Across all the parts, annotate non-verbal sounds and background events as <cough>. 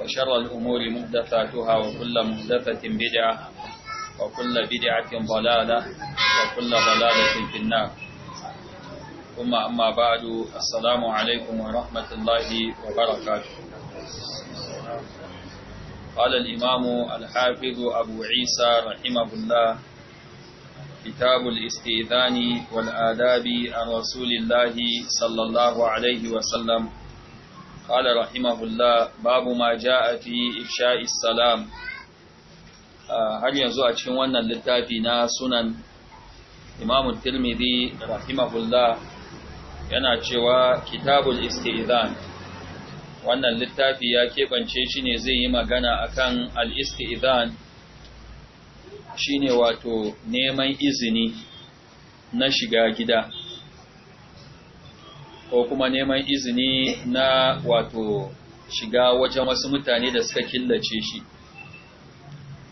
وشر الأمور محدثاتها وكل محدثة بدعة وكل بدعة ضلالة وكل ضلالة في النار ثم أما بعد السلام عليكم ورحمة الله وبركاته قال الإمام الحافظ أبو عيسى رحمه الله كتاب الاستئذان والآداب عن رسول الله صلى الله عليه وسلم قال رحمه الله باب ما جاء في إفشاء السلام har yanzu a cikin wannan littafi na sunan imamu tirmidhi rahimahullah yana cewa kitabul isti'zan wannan littafi ya keɓance shi ne zai yi magana akan al-isti'zan shine wato neman izini na shiga gida ko kuma neman izini na wato shiga wajen wasu mutane da suka killace shi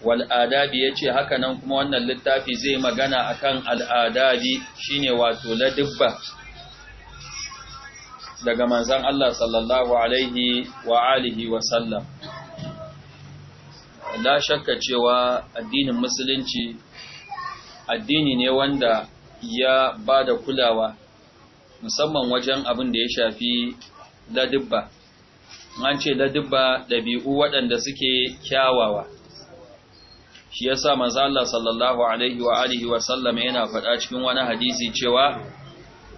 wal'adabi ya ce haka nan kuma wannan littafi zai magana akan al'adabi shine wato ladibba daga manzan Allah sallallahu alaihi wa alihi wa sallam la shakka cewa addinin musulunci addini ne wanda ya ba da kulawa musamman wajen abin da ya shafi ladibba an ce ladibba ɗabi'u waɗanda suke kyawawa shi yasa manzo Allah sallallahu alaihi wa alihi wa sallam yana faɗa cikin wani hadisi cewa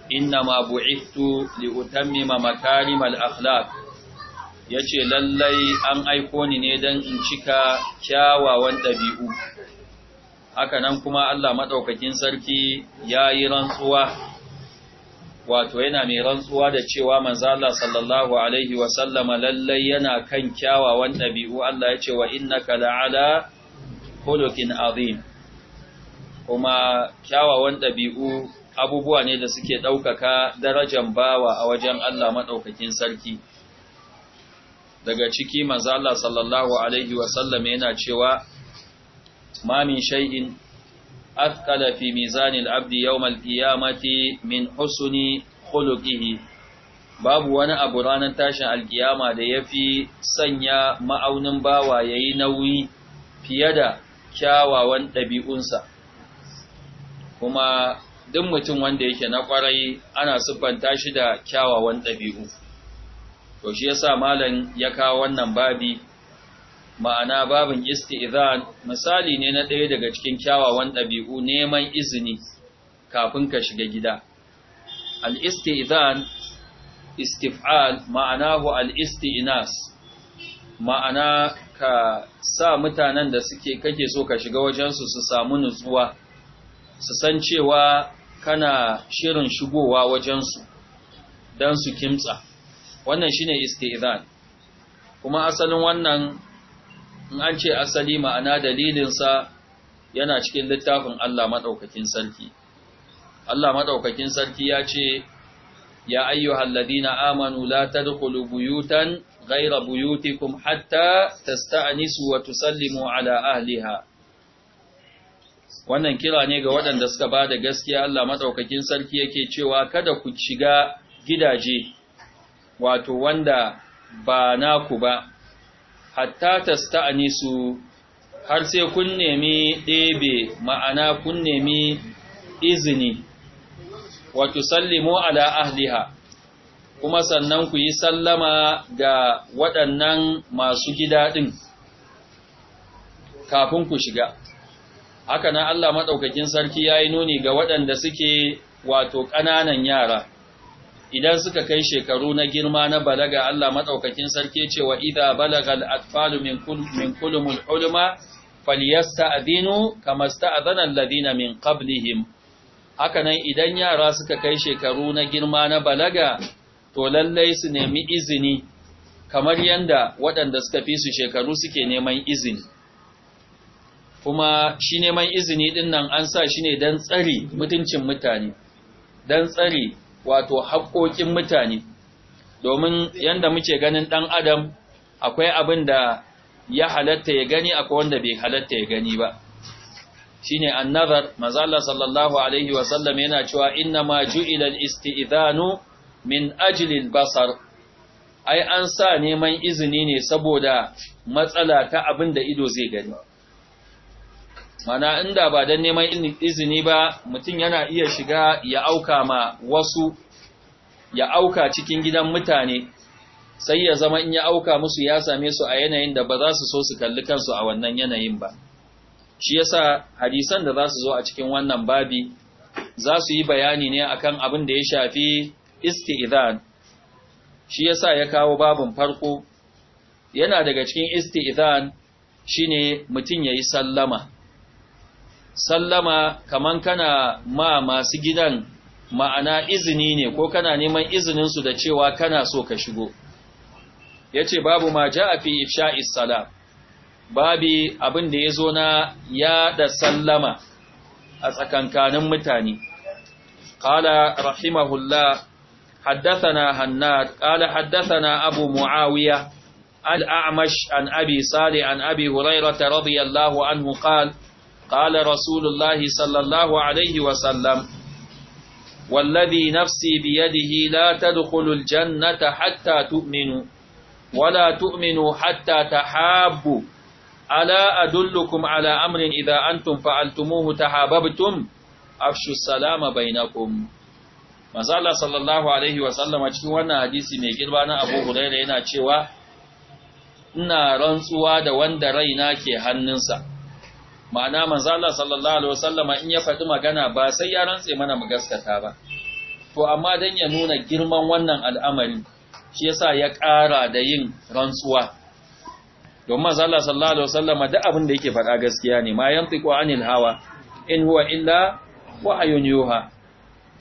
inna ma bu'ithu li utammima makarimal akhlaq yace lallai an aiko ni ne dan in cika kyawawan ɗabi'u haka nan kuma Allah madaukakin sarki yayi rantsuwa wato yana mai rantsuwa da cewa manzo Allah sallallahu alaihi wa sallama lallai yana kan kyawawan dabi'u Allah ya ce wa innaka la'ala khuluqin azim kuma kyawawan dabi'u abubuwa ne da suke daukaka darajar bawa a wajen Allah madaukakin sarki daga ciki manzo Allah sallallahu alaihi wa sallama yana cewa ma min shay'in أثقل Mizanil Abdi العبد يوم القيامة من حسن خلقه babu wani abu ranar tashin alkiyama da ya fi sanya ma'aunin bawa ya yi nauyi fiye da kyawawan ɗabi'unsa kuma duk mutum wanda yake na kwarai ana siffanta shi da kyawawan ɗabi'u to shi yasa malam ya kawo wannan babi ma'ana babin isti'izan misali ne na ɗaya daga cikin kyawawan ɗabi'u neman izini kafin ka shiga gida al-isti'izan istif'al ma'anahu al-isti'nas ma'ana ka sa mutanen da suke kake so ka shiga wajensu su samu nutsuwa su san cewa kana shirin shigowa wajensu don su kimtsa wannan shine isti'izan kuma asalin wannan in an ce asali ma'ana dalilinsa yana cikin littafin Allah maɗaukakin sarki. Allah maɗaukakin sarki ya ce, Ya ayyuhal na amanu la tadkhulu buyutan ghayra buyutikum hatta tasta'nisu wa tusallimu ala ahliha. Wannan kira ne ga waɗanda suka ba da gaskiya Allah maɗaukakin sarki yake cewa kada ku shiga gidaje, wato wanda ba naku ba, hatta tasta'nisu har sai kun nemi ɗebe ma'ana kun nemi izini wa tusallimu ala ahliha kuma sannan ku yi sallama ga waɗannan masu gida ɗin kafin ku shiga haka nan Allah maɗaukakin sarki ya yi nuni ga waɗanda suke wato ƙananan yara idan suka kai shekaru na girma na balaga Allah madaukakin sarki ce wa idza balagal atfalu min kul min kulumul ulama falyasta'dinu kama sta'dana alladhina min qablihim haka nan idan yara suka kai shekaru na girma na balaga to lallai su nemi izini kamar yanda waɗanda suka fi su shekaru suke neman izini kuma shi neman izini ɗin nan an sa shi ne don tsari mutuncin mutane don tsari wato haƙoƙin mutane domin yanda muke ganin ɗan adam akwai abin da ya halatta ya gani akwai wanda bai halatta ya gani ba shine annazar mazalla sallallahu alaihi wa sallam yana cewa inna ma ju'ila al min ajli basar ai an sa neman izini ne saboda matsala ta abin da ido zai gani mana inda ba don neman izini ba mutum yana iya shiga ya auka ma wasu ya auka cikin gidan mutane sai ya zama in ya auka musu ya same su a yanayin da ba za su so su kalli kansu a wannan yanayin ba shi yasa hadisan da za su zo a cikin wannan babi za su yi bayani ne akan abin da ya shafi isti'izan shi yasa ya kawo babin farko yana daga cikin isti'izan shine mutum yayi sallama sallama kaman kana ma masu gidan ma'ana izini ne ko kana neman izininsu da cewa kana so ka shigo ya ce babu ma ja a fi ifsha'is salam babi abin da ya zo na yaɗa sallama a tsakankanin mutane ƙala rahimahullah haddathana hannad قال haddathana abu mu'awiya الأعمش an أبي an abi أبي هريرة رضي الله عنه قال رسول الله صلى الله عليه وسلم والذي نفسي بيده لا تدخل الجنة حتى تؤمنوا ولا تؤمنوا حتى تحابوا ألا أدلكم على أمر إذا أنتم فعلتموه تحاببتم أفشوا السلام بينكم Mazala sallallahu Alaihi wasallam a cikin wannan hadisi mai girba na Abu Huraira yana cewa, Ina rantsuwa da wanda raina ke hannunsa, ma'ana manzo Allah sallallahu alaihi wasallama in ya faɗi magana ba sai ya rantse mana mu gaskata ba to amma dan ya nuna girman wannan al'amari shi yasa ya ƙara da yin rantsuwa don manzo Allah sallallahu alaihi wasallama duk abin da yake faɗa gaskiya ne ma yantiqu anil hawa in huwa illa wahayun yuha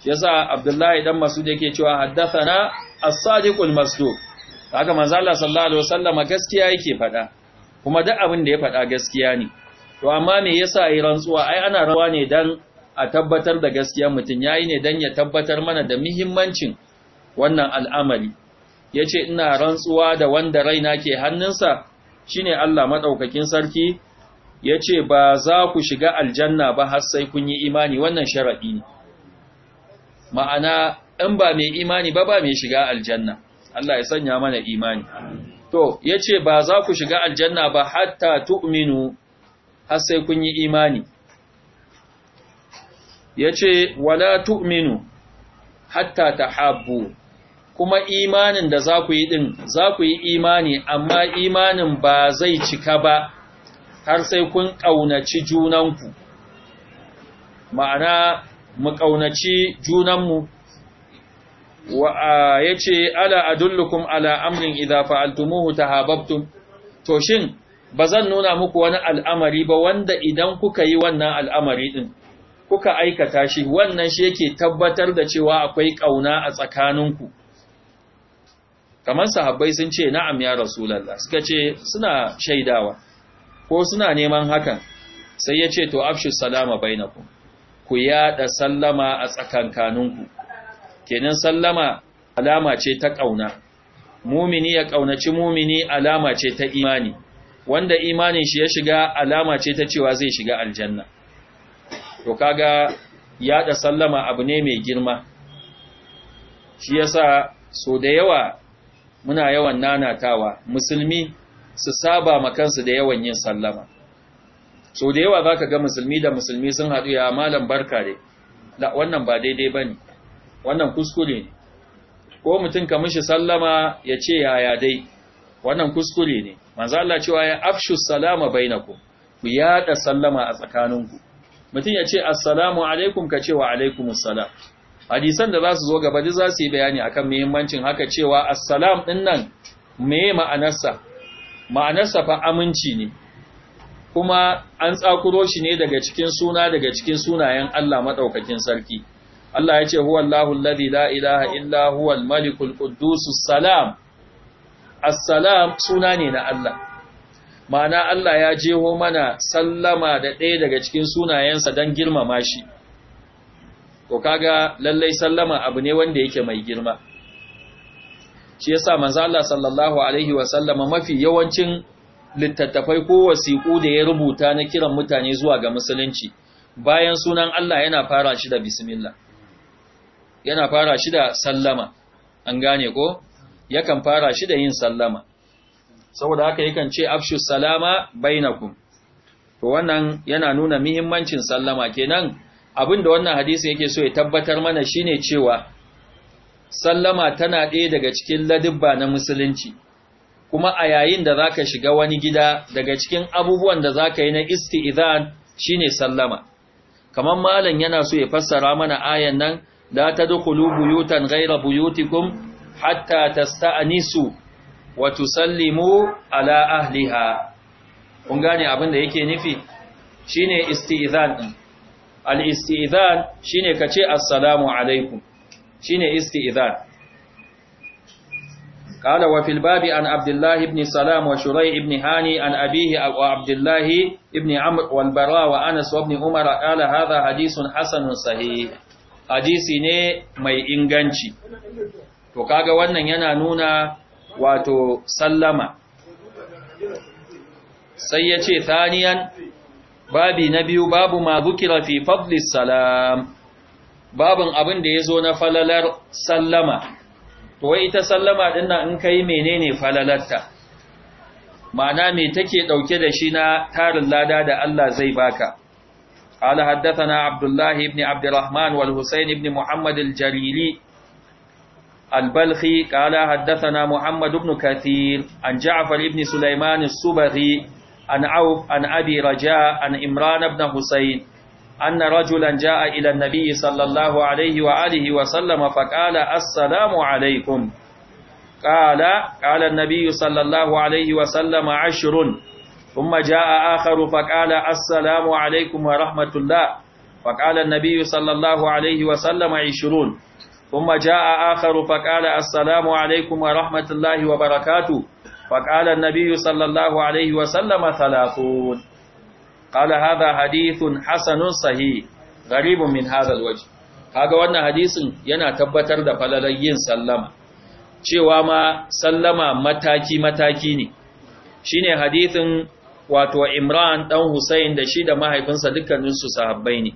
shi yasa Abdullahi dan Mas'ud yake cewa haddathana as-sadiqul masduq haka manzo Allah sallallahu alaihi wasallama gaskiya yake faɗa kuma duk abin da ya faɗa gaskiya ne to amma me yasa yi rantsuwa ai ana rawa ne dan a tabbatar da gaskiya mutum yayi ne dan ya tabbatar mana da muhimmancin wannan al'amari yace ina rantsuwa da wanda raina ke hannunsa shine Allah maɗaukakin sarki yace ba za ku shiga aljanna ba har sai kun yi imani wannan sharadi ne ma'ana in ba mai imani ba ba mai shiga aljanna Allah ya sanya mana imani to yace ba za ku shiga aljanna ba hatta tu'minu har sai kun yi imani ya ce wala tu'minu hatta tahabbu kuma imanin da za ku yi din za ku yi imani amma imanin ba zai cika ba har sai kun ƙaunaci junanku ma'ana mu ƙaunaci junanmu ya ce ala adullukum ala amrin idha fa'altumuhu tahabbtum to shin ba zan nuna muku wani al'amari ba wanda idan kuka yi wannan al'amari din kuka aikata shi, wannan shi yake tabbatar da cewa akwai ƙauna a tsakaninku. Kamar sahabbai sun ce, Na'am ya Rasulallah, suka ce suna shaidawa, ko suna neman hakan, sai ya ce, To, afshi salama bainaku, ku yaɗa sallama a tsakankaninku, kenan sallama alama ce ta ƙauna, mumini ya ƙaunaci mumini alama ce ta imani. wanda imanin shi ya shiga alama ce ta cewa zai shiga aljanna to kaga yaɗa sallama abu ne mai girma shi yasa so da yawa muna yawan nanatawa musulmi su saba ma kansu da yawan yin sallama so da yawa zaka ga musulmi da musulmi sun haɗu ya malam barka ne da wannan ba daidai bane wannan kuskure ne ko mutum ka mishi sallama ya ce yaya dai wannan kuskure ne manzo Allah cewa ya afshu salama bainakum ku yada sallama a tsakaninku mutum ya ce assalamu alaikum ka ce wa alaikumus salam hadisan da za su zo gaba duk za su yi bayani akan muhimmancin haka cewa assalam din nan me ma'anarsa ma'anarsa fa aminci ne kuma an tsakuro shi ne daga cikin suna daga cikin sunayen Allah madaukakin sarki Allah ya ce huwallahu allazi la ilaha illa huwal malikul quddusus salam assalam suna ne na Allah ma'ana Allah ya jeho mana sallama da ɗaya daga cikin sunayensa don girmama shi ko kaga lallai sallama abu ne wanda yake mai girma shi yasa manzo Allah sallallahu alaihi wa sallama mafi yawancin littattafai ko wasiƙu da ya rubuta na kiran mutane zuwa ga musulunci bayan sunan Allah yana fara shi da bismillah yana fara shi da sallama an gane ko yakan fara shi da yin sallama saboda haka yakan ce afshu salama bainakum to wannan yana nuna muhimmancin sallama kenan abinda wannan hadisi yake so ya tabbatar mana shine cewa sallama tana ɗaya daga cikin ladibba na musulunci kuma a yayin da zaka shiga wani gida daga cikin abubuwan da zaka yi na isti'izan shine sallama kamar malam yana so ya fassara mana ayan nan la tadkhulu buyutan ghayra buyutikum hatta tasta'nisu wa tusallimu ala ahliha kun gane abin da yake nufi shine isti'zan din al-isti'zan shine kace assalamu alaikum shine isti'zan an Abdullahi الباب عن عبد الله Ibn سلام an بن هاني Abdullahi أبيه وعبد الله بن عمرو والبراء وأنس وابن عمر قال هذا حديث hasanun صحيح hadisi ne mai inganci. to kaga wannan yana nuna wato sallama sai ya ce taniyan babi na biyu babu ma zukira fi salam babin abin da ya zo na falalar sallama to wai ita sallama din in kai menene falalarta ma'ana me take dauke da shi na tarin lada da Allah zai baka قال حدثنا عبد الله بن عبد الرحمن والحسين بن محمد الجريلي البلخي قال حدثنا محمد بن كثير عن جعفر بن سليمان الصبغي عن عوف عن أبي رجاء عن إمران بن حسين أن رجلا جاء إلى النبي صلى الله عليه وآله وسلم فقال السلام عليكم قال قال النبي صلى الله عليه وسلم عشر ثم جاء آخر فقال السلام عليكم ورحمة الله فقال النبي صلى الله عليه وسلم عشرون ثم جاء آخر فقال السلام عليكم ورحمة الله وبركاته فقال النبي صلى الله عليه وسلم ثلاثون قال هذا حديث حسن صحيح غريب من هذا الوجه kaga wannan hadisin yana tabbatar da falalar yin sallama cewa ma sallama mataki mataki ne shine hadisin wato Imran dan Hussein da shi da mahaifinsa dukkaninsu sahabbai ne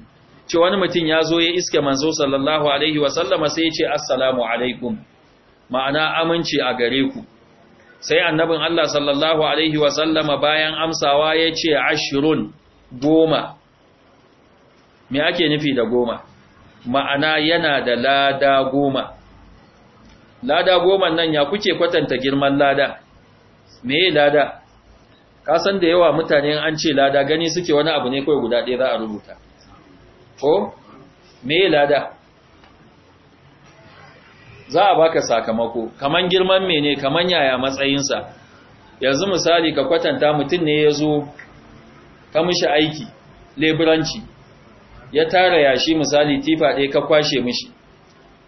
ce wani mutum ya zo ya iske manzo sallallahu alaihi wasallama sai ya ce assalamu alaikum ma'ana aminci a gare ku sai annabin Allah sallallahu alaihi wasallama bayan amsawa ya ce ashirun goma me ake nufi da goma ma'ana yana da lada goma lada goma nan ya kuke kwatanta girman lada me lada kasan da yawa mutane an ce lada gani suke wani abu ne kawai guda ɗaya za a rubuta ko me lada za a baka sakamako kaman girman mene kaman yaya matsayinsa yanzu misali ka kwatanta mutum ne ya zo ka mishi aiki leburanci ya tara yashi misali tifa ɗaya ka kwashe mishi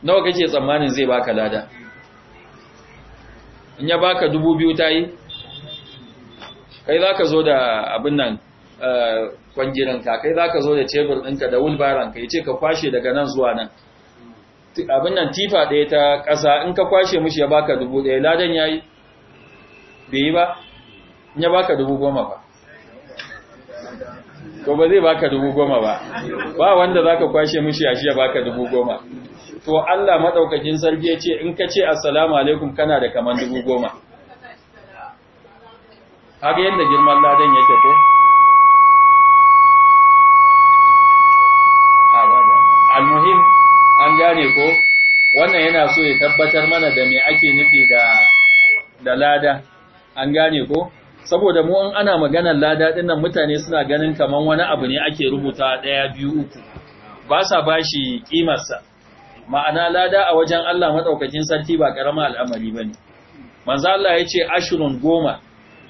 nawa kake tsammanin zai baka lada in ya baka dubu biyu ta yi kai za ka zo da abin nan Eh, kwangiranka kai za ka zo da tebur ɗinka da wulbaranka ya ce ka kwashe daga nan zuwa nan abin nan tifa ɗaya ta ƙasa in ka kwashe mushi ya baka dubu ɗaya ladan ya yi bai yi ba in ya baka dubu goma ba ko ba zai baka dubu goma ba ba wanda za ka kwashe mushi ya shi ya baka dubu goma to Allah maɗaukakin sarki ya ce in ka ce assalamu alaikum kana da kaman dubu goma haka yadda girman ladan yake ko gane ko wannan yana so ya tabbatar mana da me ake nufi da da lada an gane ko saboda mu in ana maganar lada dinnan mutane suna ganin kaman wani abu ne ake rubuta daya biyu uku ba sa bashi kimarsa ma'ana lada a wajen Allah madaukakin sarki ba karama al'amari bane manzo Allah yace ashrun goma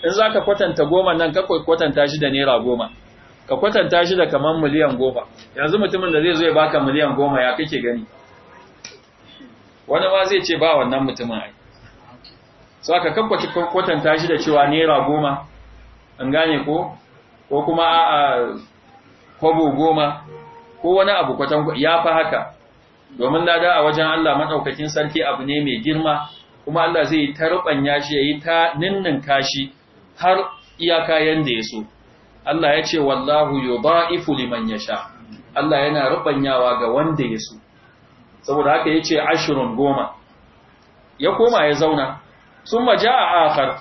in zaka kwatanta goma nan ka kwatanta shi da naira goma ka kwatanta shi da kaman miliyan goma yanzu mutumin da zai zo ya baka miliyan goma ya kake gani wani ma zai ce ba wannan mutumin ai so aka kabbaci kwatanta shi da cewa naira goma an gane ko ko kuma a kwabo goma ko wani abu kwatan ya fa haka domin lada a wajen Allah madaukakin sarki abu ne mai girma kuma Allah zai ta rubanya shi yayi ta ninnin kashi har iyaka yanda ya so Allah ya ce wallahu yudha'ifu liman sha. Allah yana rubanyawa ga wanda ya so saboda haka ya ce ashirin goma ya koma ya zauna sun maja a akar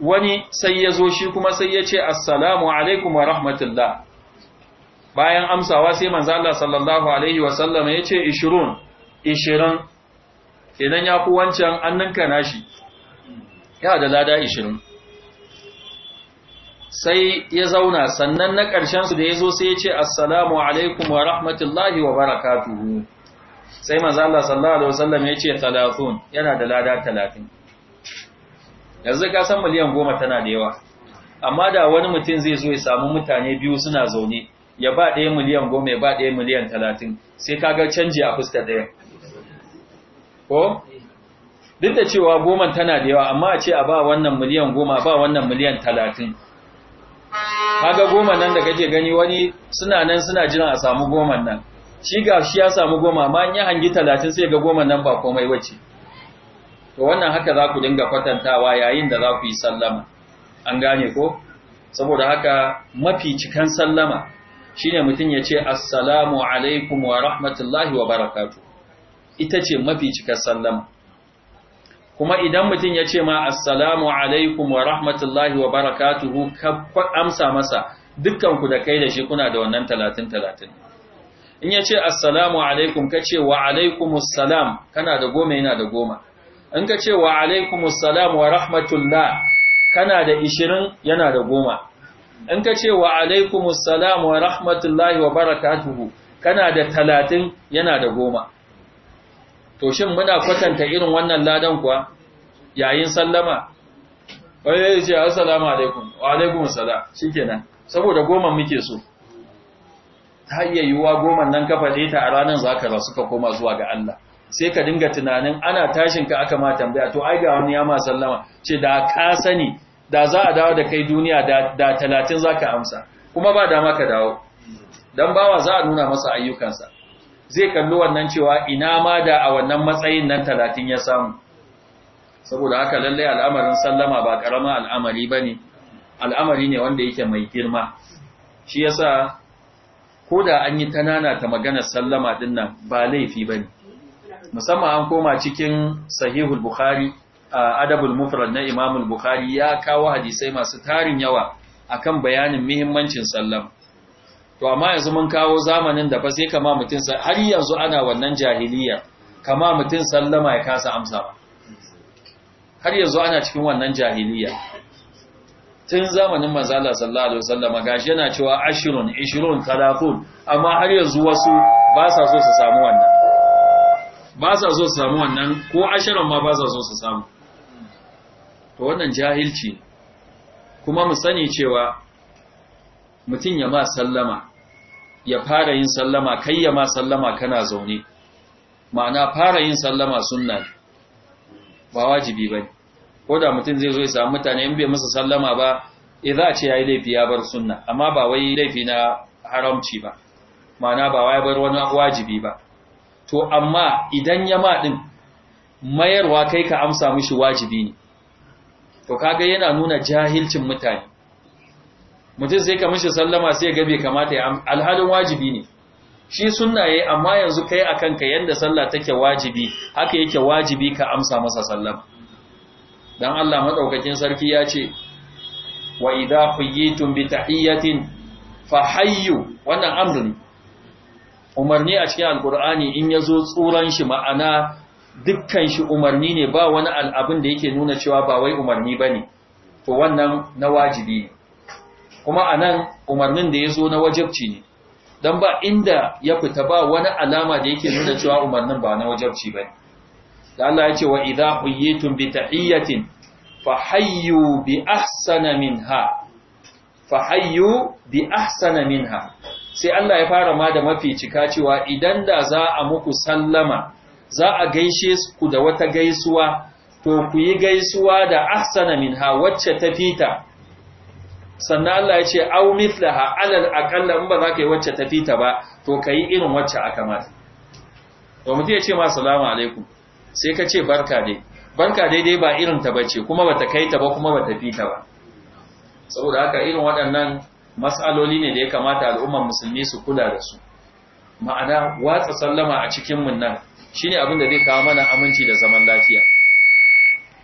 wani sai ya zo shi kuma sai ya ce assalamu alaikum wa rahmatullah bayan amsawa sai manzo Allah sallallahu alaihi wa sallam ya ce ishirun ishirin idan ya fi wancan annanka nashi ya da lada ishirin sai ya zauna sannan na ƙarshen su da ya zo sai ya ce assalamu alaikum wa rahmatullahi wa barakatuhu sai manzo Allah sallallahu alaihi wasallam ya ce 30 yana da lada 30 yanzu ka san miliyan 10 tana da yawa amma da wani mutum zai zo ya samu mutane biyu suna zaune ya ba ɗaya miliyan 10 ya ba ɗaya miliyan 30 sai kaga canji a fuskar ɗaya ko duk da cewa goman tana da yawa amma a ce a ba wannan miliyan 10 ba wannan miliyan 30 kaga goma nan da kake gani wani suna nan suna jiran a samu goman nan shi ga shi ya samu goma amma in ya hangi talatin sai ga goma nan ba komai wace to wannan haka za ku dinga kwatantawa yayin da za ku yi sallama an gane ko saboda haka mafi cikan sallama shine mutum ya ce assalamu alaikum wa rahmatullahi wa barakatu ita ce mafi cikan sallama kuma idan mutum ya ce ma assalamu alaikum wa rahmatullahi wa barakatuhu ka amsa masa dukkan ku da kai da shi kuna da wannan talatin talatin in ya ce assalamu alaikum ka ce wa alaikumus salam kana da goma yana da goma in ka ce wa alaikumus salam wa rahmatullah kana da ishirin yana da goma in ka ce wa alaikumus salam wa rahmatullah wa barakatuhu kana da talatin yana da goma to shin muna kwatanta irin wannan ladan kuwa yayin sallama wai eh, ya ce assalamu alaikum wa alaikumus salam shikenan saboda goma muke so ta yiwuwa goma nan ka faɗe ta a ranar zaka rasu ka koma zuwa ga Allah sai ka dinga tunanin ana tashin ka aka ma tambaya to ai ga wani ya ma sallama ce da ka sani da za a dawo da kai duniya da talatin za ka amsa kuma ba dama ka dawo don bawa za a nuna masa ayyukansa zai kalli wannan cewa ina ma da a wannan matsayin nan talatin ya samu saboda haka lallai al'amarin sallama ba ƙaramin al'amari ba ne al'amari ne wanda yake mai girma shi yasa ko da an yi tanana ta magana maganar sallama din nan ba laifi ba ne musamman an koma cikin sahihul bukhari a adabul mufrad na imamul bukhari ya kawo hadisai masu tarin yawa akan bayanin muhimmancin sallama to amma yanzu mun kawo zamanin da fa sai kama mutum har yanzu ana wannan jahiliya kama mutum sallama ya kasa amsa ba har yanzu ana cikin wannan jahiliya tun zamanin mazala sallallahu alaihi wasallam gashi yana cewa ashirun ishirun talafun amma har yanzu wasu ba sa so su samu wannan ba sa so su samu wannan ko ashirin ma ba sa so su samu to wannan jahilci kuma mu sani cewa mutum ya ma sallama ya fara yin sallama kai ya ma sallama kana zaune ma'ana fara yin sallama sunna ba wajibi bane ko da mutum zai zo ya samu mutane in bai masa sallama ba ya eh, za a ce ya yi laifi ya bar sunna amma ba wai laifi na haramci ba ma'ana ba wai bar wani wajibi ba to amma idan ya ma din mayarwa kai ka amsa mishi wajibi ne to kaga yana nuna jahilcin mutane mutum sai ka mishi sallama sai ga bai kamata ya alhalin wajibi ne shi sunna yayi amma yanzu kai akan ka yanda sallah take wajibi haka yake wajibi ka amsa masa sallama dan Allah madaukakin sarki ya ce wa idha quyitum bi tahiyatin fahayyu wannan amrin umarni a cikin alqur'ani in yazo tsuran shi ma'ana dukkan shi umarni ne ba wani al'abin da yake nuna cewa ba wai umarni bane to wannan na wajibi kuma anan umarnin da yazo na wajibci ne dan ba inda ya fita ba wani alama da yake nuna cewa umarnin ba na wajibci bane da Allah ya ce wa idha huyitum bi tahiyatin fahayyu bi ahsana minha fahayyu bi ahsana minha sai Allah ya fara ma da mafi cika cewa idan da za a muku sallama za a gaishe ku da wata gaisuwa to ku yi gaisuwa da ahsana minha wacce ta fita sannan Allah ya ce au mithlaha alal aqalla in ba za ka yi wacce ta fita ba to kayi irin wacce aka mata to mutum ya ce ma salamu alaikum sai ka ce barka dai barka daidai ba irin ta bace kuma bata kai ta ba kuma bata fi ta ba saboda haka irin waɗannan mas'aloli ne da ya kamata al'ummar musulmi su kula da su ma'ana watsa sallama a cikin mun nan shine abin da zai kawo mana aminci da zaman lafiya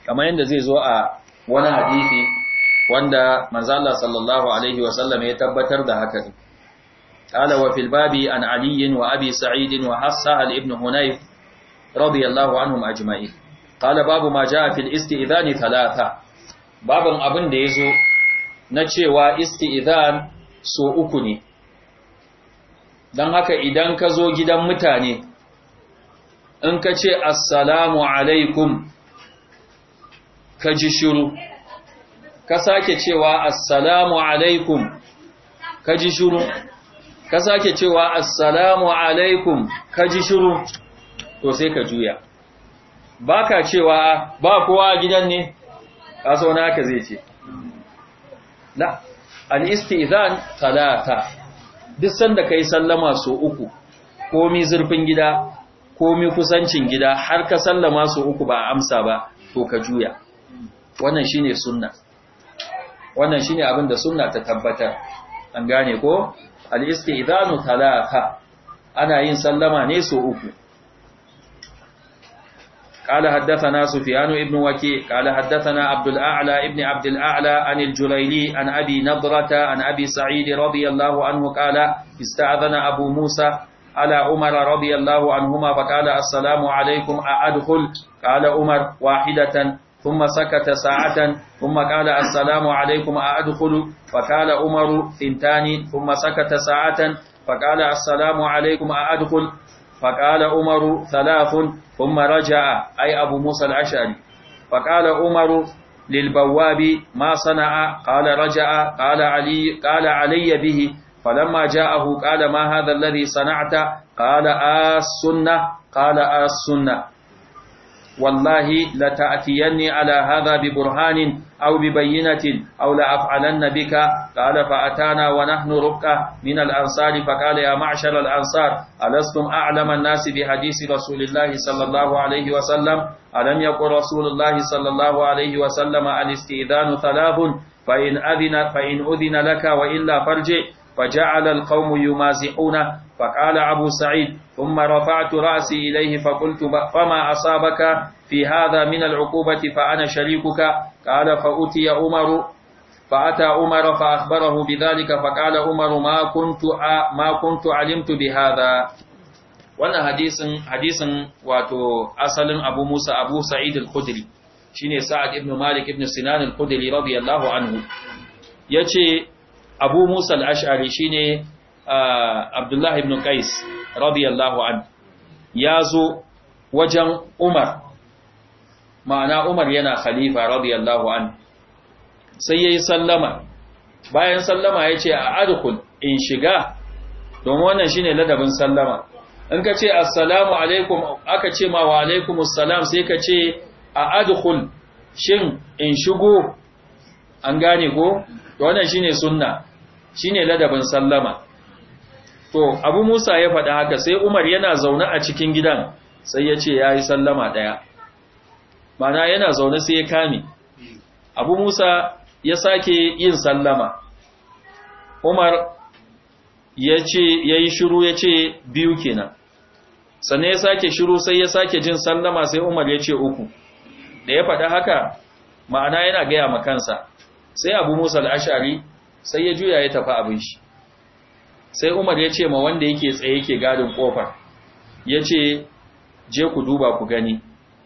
kamar yadda zai zo a wani hadisi wanda manzo Allah sallallahu alaihi wa sallam ya tabbatar da haka قال وفي الباب wa علي وأبي سعيد وحصها ابن هنيف radiyallahu anhum ajma'in qala babu ma jaa fil isti'dhani thalatha baban abin da yazo na cewa isti'dhan so uku ne dan haka idan ka zo gidan mutane in ka ce assalamu alaikum ka ji shiru ka sake cewa assalamu alaikum ka ji shiru ka sake cewa assalamu alaikum ka ji shiru to sai ka juya ba ka cewa ba kowa gidan ne kaso na ka zai ce na al'istizan talata duk sanda ka yi sallama so uku komi zurfin gida komi kusancin gida har ka sallama so uku ba amsa ba to ka juya wannan shine sunna wannan shine abin da sunna ta tabbatar an gane ko al-istizanu talata ana yin sallama ne so uku قال حدثنا سفيان بن وكيع قال حدثنا عبد الأعلى ابن عبد الأعلى عن الجليلي عن أبي نضرة عن أبي سعيد رضي الله عنه قال استأذن أبو موسى على عمر رضي الله عنهما فقال السلام عليكم أأدخل قال عمر واحدة ثم سكت ساعة ثم قال السلام عليكم أأدخل فقال عمر ثنتان ثم سكت ساعة فقال السلام عليكم أأدخل فقال عمر ثلاث ثم رجع أي أبو موسى الأشعري فقال عمر للبواب ما صنع قال رجع قال علي قال علي به فلما جاءه قال ما هذا الذي صنعت قال آه السنة قال آه السنة wallahi la ala hadha bi burhanin aw bi bayyinatin aw la af'alanna bika atana wa nahnu rubqa min al ansar ya ma'shar al alastum a'lama an bi hadisi rasulillah sallallahu alayhi wa sallam alam yaqul rasulullah wa sallam fa فجعل القوم يمازحونه فقال أبو سعيد ثم رفعت رأسي إليه فقلت فما أصابك في هذا من العقوبة فأنا شريكك قال فأتي عمر فأتى عمر فأخبره بذلك فقال عمر ما كنت ما كنت علمت بهذا wannan hadisin hadisin wato asalin Abu Musa Abu Sa'id al-Khudri shine Sa'ad ibn Malik ibn Sinan al-Khudri radiyallahu anhu yace Abu Musa al-Ash'ari shine Abdullahi ibn Qais radiyallahu an ya zo wajen Umar ma'ana Umar yana khalifa radiyallahu an sai yayi sallama bayan sallama yace a adkhul in shiga domin wannan shine ladabin sallama in ka ce assalamu alaikum aka ce ma wa alaikumus salam sai ka ce a adkhul shin in shigo an gane ko to wannan shine sunna shine ladabin sallama to abu musa ya faɗi haka sai umar yana zaune a cikin gidan sai ya ce ya yi sallama ɗaya mana yana zaune sai ya kame abu musa ya sake yin sallama umar ya ce ya yi shiru ya ce biyu kenan sannan ya sake shiru sai ya sake jin sallama sai umar ya ce uku da ya faɗi haka ma'ana yana gaya ma kansa sai abu musa al'ashari sai ya juya ya tafi abin shi sai umar ya ce ma wanda yake tsaye ke gadin kofar ya ce je ku duba ku gani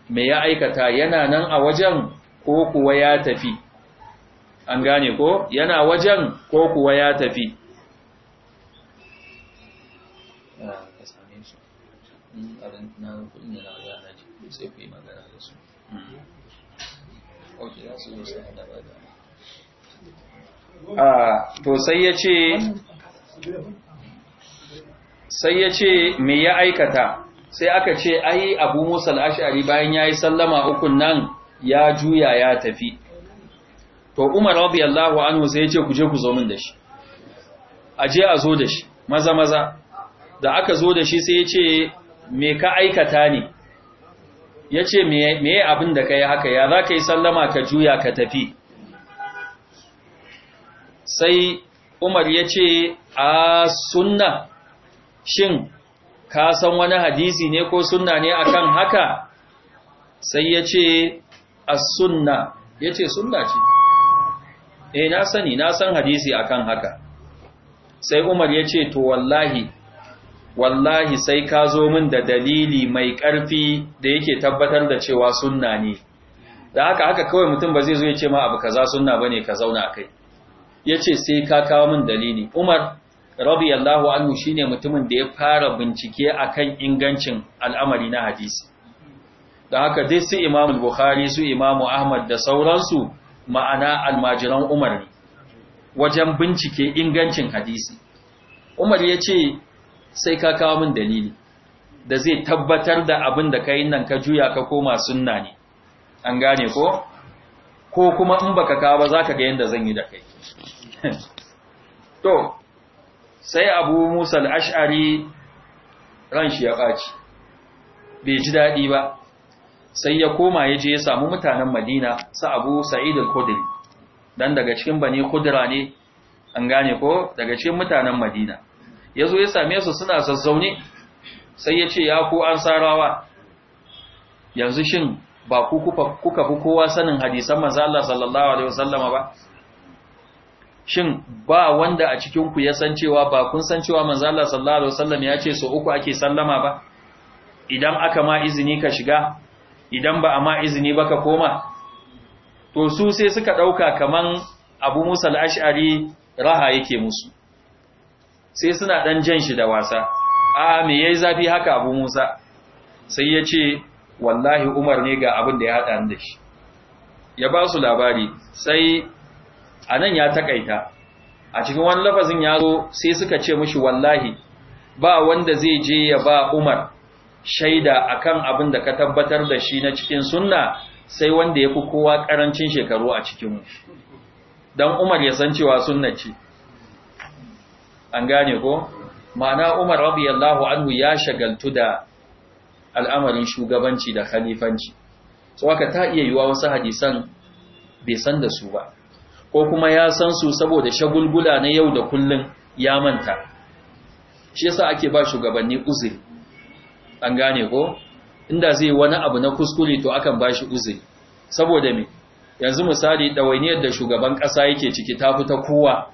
me ya aikata yana nan a wajen ko kuwa ya tafi an gane ko yana wajen ko kuwa ya tafi ah, to sai ya ce sai ya ce me ya aikata sai aka ce ai abu musa al'ashari bayan ya yi sallama ukun nan ya juya ya tafi to umar radiyallahu anhu sai ya ce ku je ku zo min da shi a je a zo da shi maza maza da aka zo da shi sai ya ce me ka aikata ne ya ce me abin da ka yi haka ya za ka yi sallama ka juya ka tafi sai Umar ya ce a sunna shin ka san wani hadisi ne ko sunna ne akan haka sai ya ce a sunna ya ce sunna ce eh na sani na san hadisi akan haka sai Umar ya ce to wallahi wallahi sai ka zo min da dalili mai ƙarfi da yake tabbatar da cewa sunna ne da haka haka kawai mutum ba zai zo ya ce ma abu kaza sunna bane ka zauna kai ya ce sai ka kawo min dalili umar radiyallahu anhu shine mutumin da ya fara bincike akan ingancin al'amari na hadisi da haka dai su imamu bukhari su imamu ahmad da sauransu ma'ana almajiran umar ne wajen bincike ingancin hadisi umar ya ce sai ka kawo min dalili da zai tabbatar da abin da ka yi nan ka juya ka koma sunna ne an gane ko ko kuma in baka kawo ba zaka ga yanda zan yi da kai <laughs> to sai Abu Musa al-Ash'ari ran shi ya baci bai ji daɗi ba sai ya koma ya je ya samu mutanen Madina sa Abu Sa'id al-Khudri dan daga cikin Bani Khudra ne an gane ko daga cikin mutanen Madina zo ya same su suna sassauni sai ya ce ya ku ansarawa yanzu shin ba ku kuka fi kowa sanin hadisan manzo Allah sallallahu alaihi wasallama ba shin ba wanda a cikin ku ya san cewa ba kun san cewa manzo Allah sallallahu alaihi wasallam ya ce so uku ake sallama ba idan aka ma izini ka shiga idan ba a ma izini ba ka koma to su sai suka ɗauka kaman Abu Musa al-Ash'ari raha yake musu sai suna ɗan jan shi da wasa a me yayi zafi haka Abu Musa sai ya ce wallahi Umar ne ga abin da ya haɗa da shi ya ba su labari sai a nan ya takaita a cikin wani lafazin ya zo sai suka ce mishi wallahi ba wanda zai je ya ba Umar shaida akan abin da ka tabbatar da shi na cikin sunna sai wanda ya fi kowa ƙarancin shekaru a cikinmu don Umar ya san cewa sunna ce an gane ko ma'ana Umar radiyallahu anhu ya shagaltu da al'amarin shugabanci da khalifanci so aka ta iya yiwa wasu hadisan bai san da su ba ko kuma ya san su saboda shagulgula na yau da kullun ya manta shi yasa ake ba shugabanni uzuri an gane ko inda zai wani abu na kuskure to akan ba shi uzuri saboda me yanzu misali ɗawainiyar da shugaban ƙasa yake ciki ta fita kowa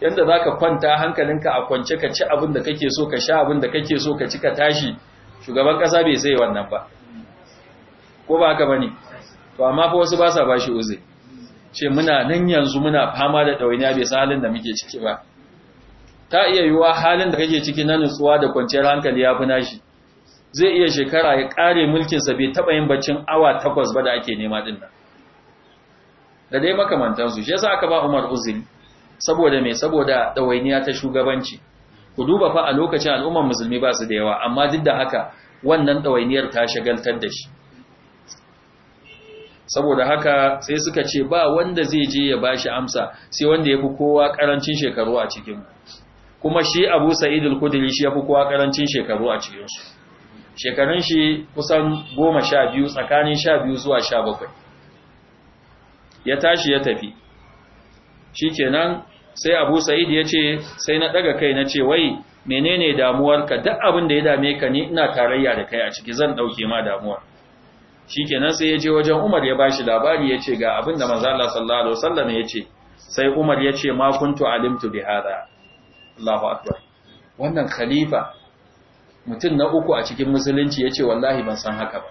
yanda za ka kwanta hankalinka a kwance ka ci abin da kake so ka sha abin da kake so ka ci ka tashi shugaban kasa bai sai wannan ba ko ba haka bane to amma fa wasu ba sa bashi uzuri ce muna nan yanzu muna fama da ɗawainiya bai san halin da muke ciki ba ta iya yiwuwa halin da kake ciki na nutsuwa da kwanciyar hankali ya fi nashi zai iya shekara ya kare mulkin sa bai taba yin baccin awa takwas ba da ake nema din nan da dai makamantansu shi yasa aka ba umar uzuri saboda me saboda ɗawainiya ta shugabanci ku duba fa a lokacin al'umman musulmi ba su da yawa amma duk da haka wannan ɗawainiyar ta shagaltar da shi saboda haka sai suka ce ba wanda zai je ya bashi amsa sai wanda ya fi kowa ƙarancin shekaru a cikin kuma shi abu sa'id al kudiri shi ya fi kowa ƙarancin shekaru a cikinsu shekarun shi kusan goma sha biyu tsakanin sha biyu zuwa sha bakwai ya tashi ya tafi shi kenan sai abu sa'id ya ce sai na ɗaga kai na ce wai menene damuwar ka? duk abin da ya dame ka ni ina tarayya da kai a ciki zan ɗauke ma damuwar shi kenan sai ya je wajen umar ya bashi labari ya ce ga abin da manzo Allah sallallahu alaihi wasallam ya ce sai umar ya ce ma kuntu alimtu bi hada Allahu akbar wannan khalifa mutum na uku a cikin musulunci ya ce wallahi ban san haka ba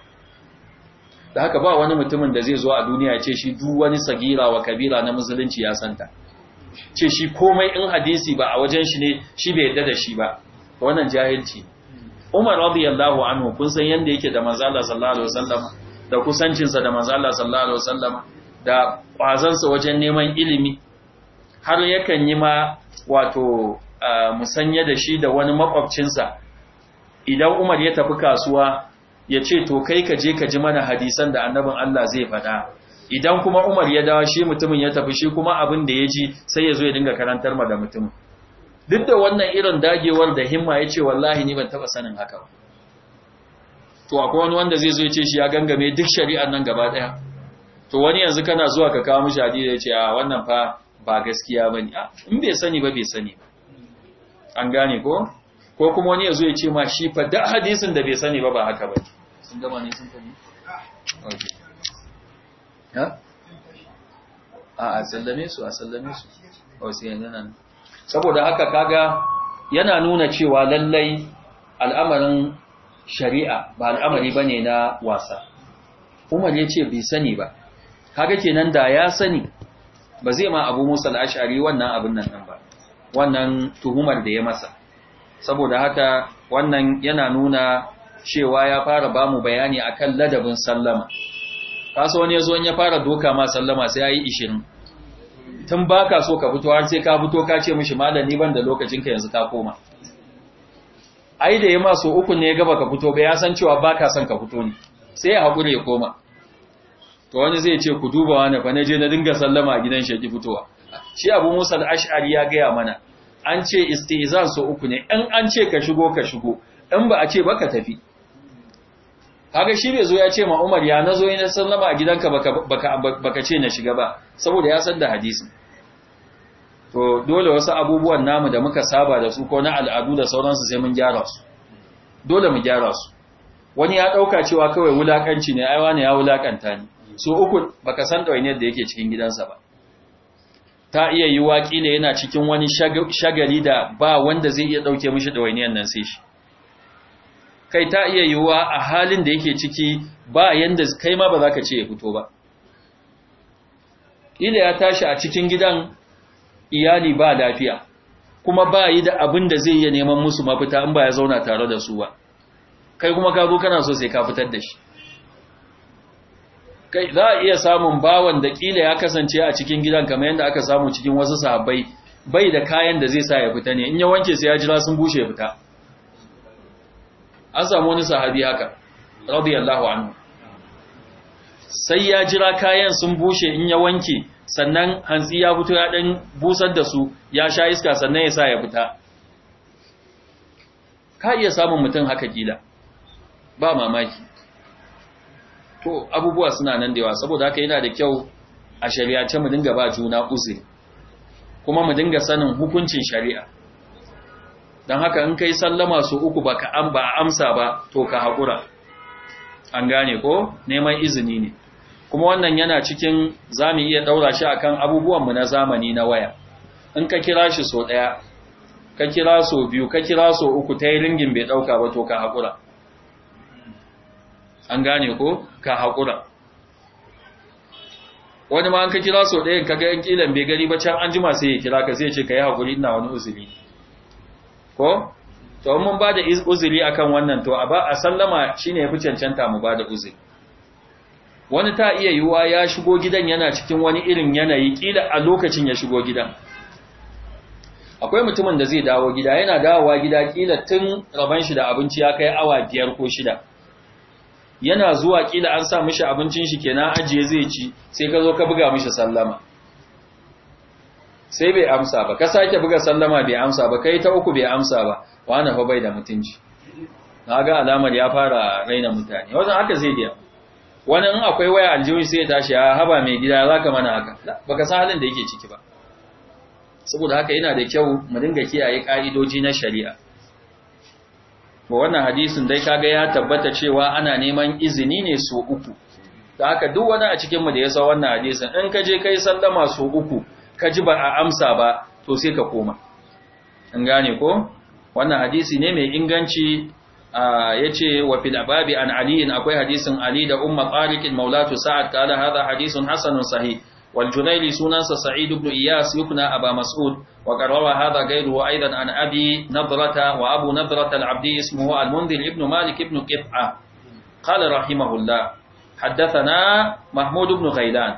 da haka ba wani mutumin da zai zo a duniya ya ce shi duk wani sagira wa kabira na musulunci ya santa ta ce shi komai in hadisi ba a wajen shi ne shi bai yadda da shi ba wannan jahilci Umar radiyallahu anhu kun san yanda yake da manzo Allah sallallahu alaihi wasallam da kusancinsa da manzo Allah sallallahu alaihi wasallam da sa wajen neman ilimi har yakan yi ma wato musanya da shi da wani makwabcinsa idan Umar ya tafi kasuwa ya ce to kai ka je ka ji mana hadisan da annabin Allah zai faɗa idan kuma Umar ya dawo shi mutumin ya tafi shi kuma abin da ya ji sai ya zo ya dinga karantar ma da mutumin duk da wannan irin dagewar da himma ya ce wallahi ni ban taba sanin haka ba to akwai wani wanda zai zo ya ce shi ya gangame duk shari'ar nan gaba daya to wani yanzu kana zuwa ka kawo mishi hadisi ya ce a wannan fa ba gaskiya bane a in bai sani ba bai sani ba an gane ko ko kuma wani ya zo ya ce ma shi fa da hadisin da bai sani ba ba haka ba sun gama ne sun fahimta okay ha a a sallame su a sallame su sai yanzu nan saboda haka kaga yana nuna cewa lallai al'amarin shari'a ba al'amari bane na wasa Umar ya ce bai sani ba kaga kenan da ya sani ba zai ma Abu Musa al-Ash'ari wannan abin nan ba wannan tuhumar da ya masa saboda haka wannan yana nuna cewa ya fara bamu bayani akan ladabin sallama kasa wani ya ya fara doka ma sallama sai ya yi ishirin tun baka so ka fito har sai ka fito ka ce mishi malami ban da lokacinka yanzu ka koma ai da ya maso so uku ne ya gaba ka fito ba ya san cewa baka ka son ka fito ne sai ya haƙuri ya koma to wani zai ce ku duba wani fa na je na dinga sallama a gidan shi fitowa shi abu musa al-ash'ari ya gaya mana an ce istizan so uku ne in an ce ka shigo ka shigo in ba a ce ba ka tafi kaga shi bai zo ya ce ma Umar ya nazo ina sallama a gidanka baka baka ce na shiga ba saboda ya san da hadisi. to dole wasu abubuwan namu da muka saba da su ko na al'adu da sauransu sai mun gyara su dole mu gyara su wani ya ɗauka cewa kawai wulakanci ne ai wani ya wulakanta ni so uku baka san da wani da yake cikin gidansa ba ta iya yi waƙi ne yana cikin wani shagali da ba wanda zai iya dauke mishi dawainiyar nan sai shi kai ta iya yiwuwa a halin da yake ciki ba yanda kai ma ba za ka ce ya fito ba ila ya tashi a cikin gidan iyali ba lafiya kuma ba yi da abin da zai iya neman musu mafita in ba ya zauna tare da su ba kai kuma ka zo kana so sai ka fitar da shi kai za a iya samun bawan da ƙila ya kasance a cikin gidan kamar yadda aka samu cikin wasu sahabbai bai da kayan da zai sa ya fita ne in ya wanke sai ya jira sun bushe ya fita an samu wani sahabi haka radiyallahu anhu sai ya jira kayan sun bushe in ya wanke sannan hantsi ya fito ya dan busar da su ya sha iska sannan ya sa ya fita ka iya samun mutum haka gila ba mamaki to abubuwa suna nan da yawa saboda haka yana da kyau a shari'a ce mu dinga ba juna uzuri kuma mu dinga sanin hukuncin shari'a don haka in kai sallama su uku ba ka an ba amsa ba to ka haƙura an gane ko neman izini ne kuma wannan yana cikin za mu iya ɗaura shi akan abubuwanmu na zamani na waya in ka kira shi so ɗaya ka kira so biyu ka kira so uku ta yi ringin bai ɗauka ba to ka haƙura an gane ko ka haƙura wani ma an ka kira so ɗaya ka ga ƙilan bai gari ba can an jima sai ya kira ka sai ce ka yi haƙuri ina wani uzuri ko to mun ba da uzuri akan wannan to a sallama shine yafi cancanta mu ba da uzuri wani ta iya yiwuwa ya shigo gidan yana cikin wani irin yanayi kila a lokacin ya shigo gidan akwai mutumin da zai dawo gida yana dawowa gida kila tun raban shi da abinci ya kai awa biyar ko shida yana zuwa kila an sa mishi abincin shi kenan ajiye zai ci sai ka zo ka buga mishi sallama sai bai amsa ba ka sake buga sallama bai amsa ba kai ta uku bai amsa ba wani fa bai da mutunci na ga alamar ya fara raina mutane wajen haka zai biya wani in akwai waya aljihun sai ya tashi ya ah, haba mai gida za ka mana haka baka san halin da yake ciki ba saboda haka yana da kyau mu dinga kiyaye ka'idoji na shari'a ba wannan hadisin dai kaga ya tabbata cewa ana neman izini ne so uku da haka duk wani a cikinmu da ya sa wannan hadisin in ka je kai sallama so uku ka ji ba a amsa ba to sai ka koma gane ko wannan hadisi ne mai inganci yace wa fil babi an ali akwai hadisin ali da umma tariq maulatu sa'ad qala hadha hadisun hasanun sahih wal junayli sunansa sa'id ibn iyas yukna aba mas'ud wa qarrara hadha ghayruhu aidan an abi nadrata wa abu nadrata al abdi ismuhu al mundhir ibn malik ibn qit'a qala rahimahullah حدثنا محمود بن غيلان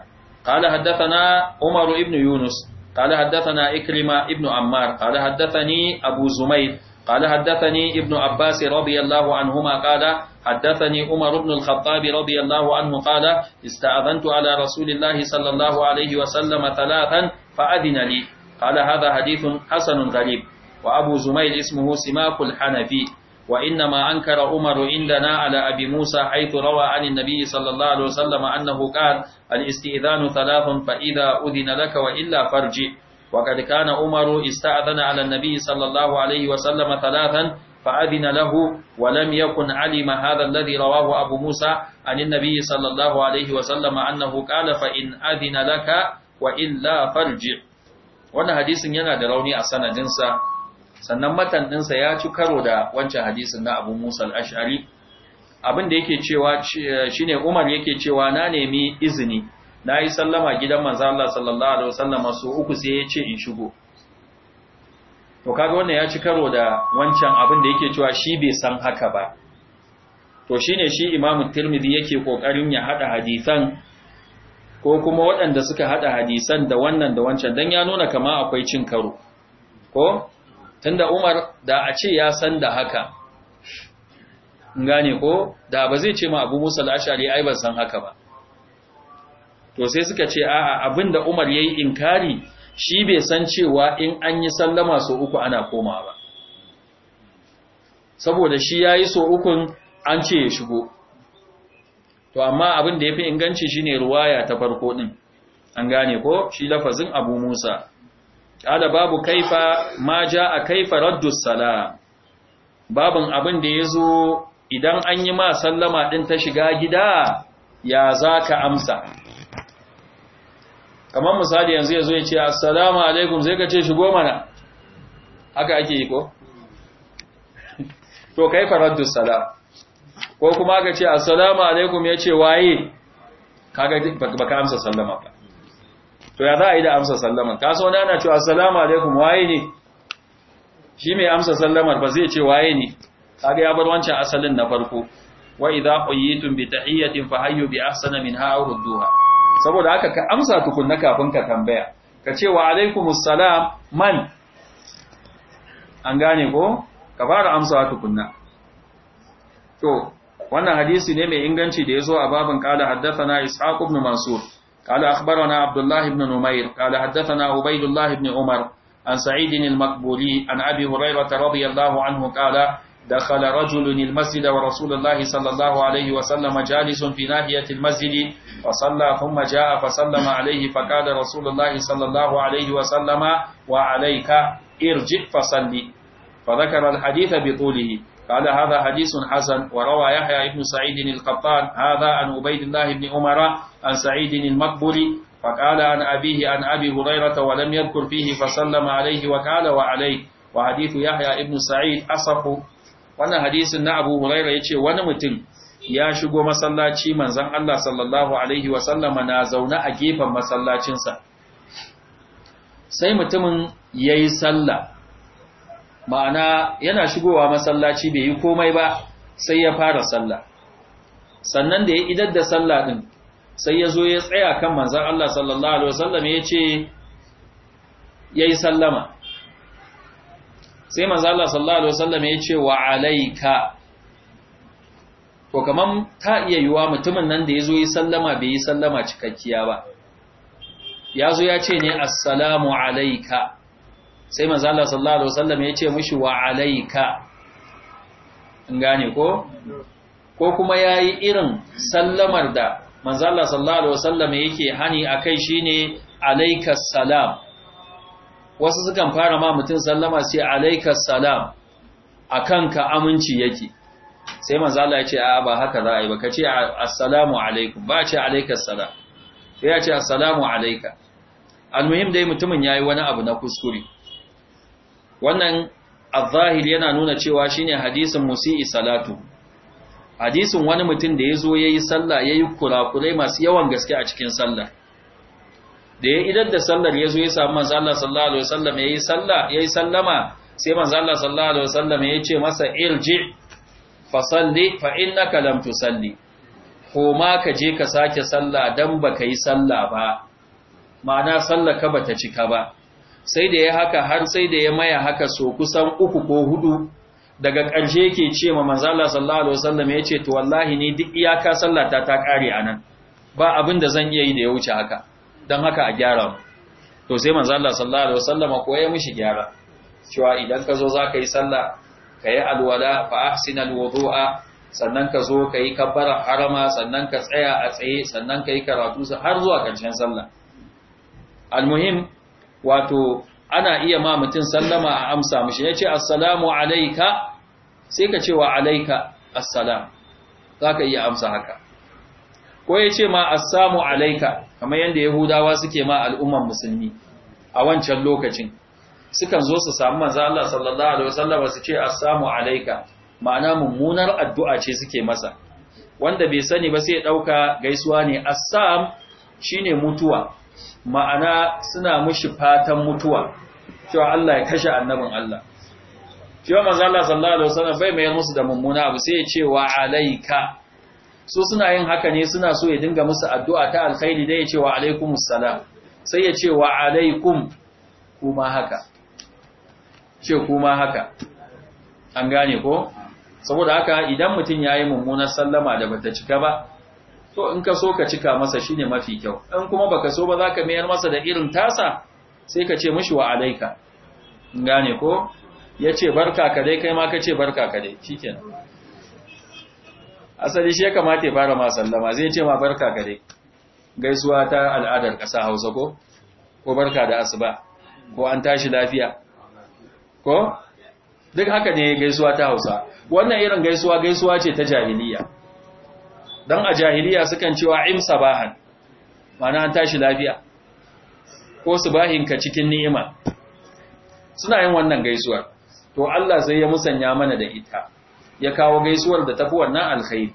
قال حدثنا عمر بن يونس قال حدثنا إكرمة ابن عمار قال حدثني أبو زميل قال حدثني ابن عباس رضي الله عنهما قال حدثني عمر بن الخطاب رضي الله عنه قال استأذنت على رسول الله صلى الله عليه وسلم ثلاثا فأذن لي قال هذا حديث حسن غريب وأبو زميل اسمه سماك الحنفي wa inna ma an kara umaru inda na ala abi musa haitu rawa an nabi sallallahu alaihi wasallam annahu qala al isti'dhanu thalathun fa idha udina laka wa illa farji wa kana umaru ista'dhana ala nabi sallallahu alaihi wasallam thalathan fa adina lahu wa lam yakun alima hadha alladhi rawahu abu musa an nabi sallallahu alaihi wasallam annahu qala fa in adina laka wa illa farji wannan hadisin yana da rauni a sanadinsa. sannan matan ɗinsa ya ci karo da wancan hadisin na abu musa al'ashari abin yake cewa shine umar yake cewa na nemi izini na yi sallama gidan Manzala Allah sallallahu alaihi wasallam masu uku sai ya ce in shigo to kaga wannan ya ci karo da wancan abin yake cewa shi bai san haka ba to shine shi imamun tirmidhi yake kokarin ya haɗa hadisan ko kuma waɗanda suka haɗa hadisan da wannan da wancan don ya nuna kama akwai cin karo ko tunda Umar da a ce ya san da haka gane ko da ba zai ce ma Abu Musa al-Ash'ari ai ban san haka ba to sai suka ce a'a abinda Umar ya yi inkari shi bai san cewa in an yi sallama so uku ana koma ba saboda shi yayi so ukun an ce ya shigo to amma abin da ya fi inganci shine ruwaya ta farko din an gane ko shi lafazin abu musa Ƙala babu kaifa ma ja a kaifa raddus sala Babin abin da ya zo idan an yi ma sallama ɗin ta shiga gida ya za ka amsa. Kamar misali yanzu ya zo ya ce, Assalamu alaikum sai ka ce shigo mana, haka ake yi ko? <laughs> To, kaifa raddus sala, Ko kuma ka ce, Assalamu alaikum ya ce waye, kaga baka amsa sallama ba. to ya za a yi da amsa sallamar? ka so na cewa assalamu alaikum waye ne shi mai amsa sallamar ba zai ce waye ne kaga ya bar wancan asalin na farko wa idza quyitum bi tahiyatin fa hayyu bi ahsana minha aw rudduha saboda haka ka amsa tukunna kafin ka tambaya ka ce wa alaikumus salam man an gane ko ka fara amsawa tukunna to wannan hadisi ne mai inganci da yazo a babin qala haddathana ishaq ibn mansur قال أخبرنا عبد الله بن نمير قال حدثنا عبيد الله بن عمر عن سعيد المقبولي عن أبي هريرة رضي الله عنه قال دخل رجل المسجد ورسول الله صلى الله عليه وسلم جالس في ناحية المسجد فصلى ثم جاء فسلم عليه فقال رسول الله صلى الله عليه وسلم وعليك ارجع فصلي فذكر الحديث بطوله قال هذا حديث حسن وروى يحيى بن سعيد القطان هذا عن عبيد الله بن عمر عن سعيد المقبري فقال عن أبيه عن أبي هريرة ولم يذكر فيه فسلم عليه وقال وعليه وحديث يحيى بن سعيد أصف wannan hadisin na Abu ya ce wani mutum ya shigo masallaci manzon Allah sallallahu alaihi wa sallama na zauna a gefen masallacinsa. sai mutumin yayi sallah ma'ana yana shigowa masallaci bai yi komai ba sai ya fara sallah sannan da ya idar da sallah din sai ya zo ya tsaya kan manzon Allah sallallahu alaihi wasallam ya ce yayi sallama sai manzon Allah sallallahu alaihi wasallam ya ce wa alayka to kaman ta iya yiwa mutumin nan da ya zo yi sallama bai yi sallama cikakkiya ba ya zo ya ce ne assalamu alaika sai manzo Allah sallallahu alaihi wasallam ya ce mishi wa alayka in gane ko ko kuma yayi irin sallamar da manzo Allah sallallahu alaihi wasallam yake hani akai shine alayka salam wasu sukan fara ma mutun sallama sai alayka salam akan ka aminci yake sai manzo Allah ya ce a ba haka za a yi ba ce assalamu alaikum ba ce alayka salam sai ya ce assalamu alayka almuhim dai mutumin yayi wani abu na kuskure wannan al-zahir yana nuna cewa shine hadisin musi'i salatu hadisin wani mutum da yazo yayi sallah yayi kurakurai masu yawan gaske a cikin sallah da ya idan da sallar yazo ya samu manzo Allah sallallahu alaihi wasallam yayi sallah yayi sallama sai manzo Allah sallallahu alaihi wasallam ya ce masa irji fa salli fa innaka lam tusalli koma ka je ka sake sallah dan baka yi sallah ba ma'ana sallar ka bata cika ba sai da ya haka har sai da ya maya haka so kusan uku ko hudu daga ƙarshe yake ce ma manzala sallallahu alaihi wasallam ya ce to wallahi ni duk iyaka sallata ta kare anan ba abin da zan iya yi da ya wuce haka don haka a gyara to sai manzala sallallahu alaihi wasallam ko ya mishi gyara cewa idan ka zo za yi sallah ka yi alwala fa ahsinal wudu'a sannan ka zo ka yi kabbara harama sannan ka tsaya a tsaye sannan ka yi karatu har zuwa ƙarshen sallah almuhim wato ana iya ma mutum sallama a amsa mushi ya assalamu alaika sai ka ce wa alaika assalam za ka iya amsa haka ko ya ce ma assamu alaika kamar yadda yahudawa suke ma al'umman musulmi a wancan lokacin sukan zo su samu manzo Allah sallallahu alaihi wasallam su ce assamu alaika ma'ana mummunar addu'a ce suke masa wanda bai sani ba sai ya dauka gaisuwa ne assam shine mutuwa ma'ana suna mushi fatan mutuwa cewa Allah ya kashe annabin Allah cewa manzo Allah sallallahu alaihi wasallam bai mai musu da mummuna abu sai ya ce wa alaika su suna yin haka ne suna so ya dinga musu addu'a ta alkhairi dai ya ce wa alaikumus salam sai ya ce wa alaikum kuma haka ce kuma haka an gane ko saboda haka idan mutum yayi mummunar sallama da bata cika ba to in ka so ka cika masa shine mafi kyau in kuma baka so ba za ka mayar masa da irin tasa sai ka ce mishi wa alaika gane ko yace barka ka dai kai ma ka ce barka ka dai shikenan asali shi ya kamata ya fara ma sallama zai ce ma barka ka dai gaisuwa ta al'adar ƙasa Hausa ko ko barka da asuba ko an tashi lafiya ko duk haka ne gaisuwa ta Hausa wannan irin gaisuwa gaisuwa ce ta jahiliya don a jahiliya sukan cewa im sabahan mana an tashi lafiya ko su ka cikin ni'ima suna yin wannan gaisuwar to Allah sai ya musanya mana da ita ya kawo gaisuwar da tafi wannan alkhairi